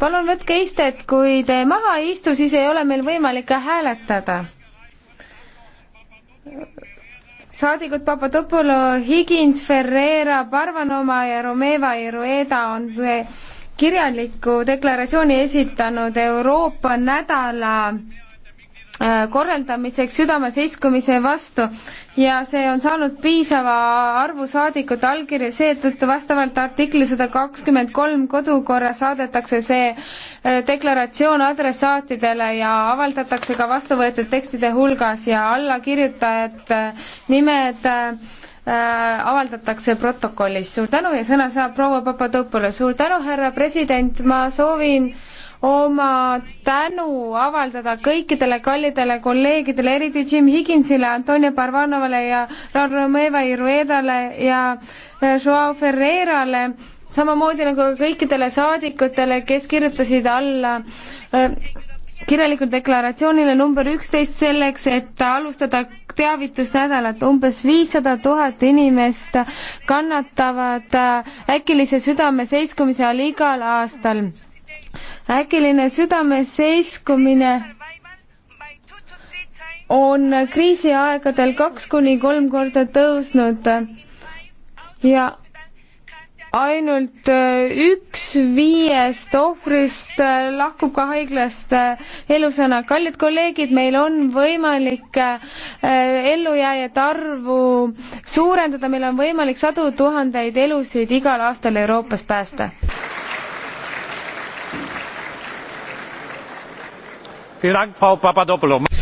palun võtke istet, kui te maha ei istu, siis ei ole meil võimalik ka hääletada. saadikud Papadopoulou, Higins, Ferreira, Parvanova ja Romeva ja Rueda on kirjaliku deklaratsiooni esitanud Euroopa nädala Äh, korraldamiseks südameseiskumise vastu ja see on saanud piisava arvu saadikute allkirja, seetõttu vastavalt artikli sada kakskümmend kolm kodukorra saadetakse see äh, deklaratsioon adressaatidele ja avaldatakse ka vastuvõetud tekstide hulgas ja allakirjutajate nimed äh, avaldatakse protokollis. suur tänu ja sõna saab proua Papadopole. suur tänu, härra president, ma soovin oma tänu avaldada kõikidele kallidele kolleegidele, eriti Jim Higginsile, Antonio Parvanovale ja Romeva Iruedale ja äh, Joao Ferreirale, samamoodi nagu kõikidele saadikutele, kes kirjutasid alla äh, kirjalikul deklaratsioonile number üksteist selleks, et alustada teavitusnädalat. umbes viissada tuhat inimest kannatavad äh, äkilise südameseiskumise all igal aastal äkiline südameseiskumine on kriisiaegadel kaks kuni kolm korda tõusnud ja ainult äh, üks viiest ohvrist äh, lahkub ka haiglast äh, elusana. kallid kolleegid, meil on võimalik ellujääjate arvu suurendada, meil on võimalik sadu tuhandeid elusid igal aastal Euroopas päästa. vielen dank frau papadopoulou.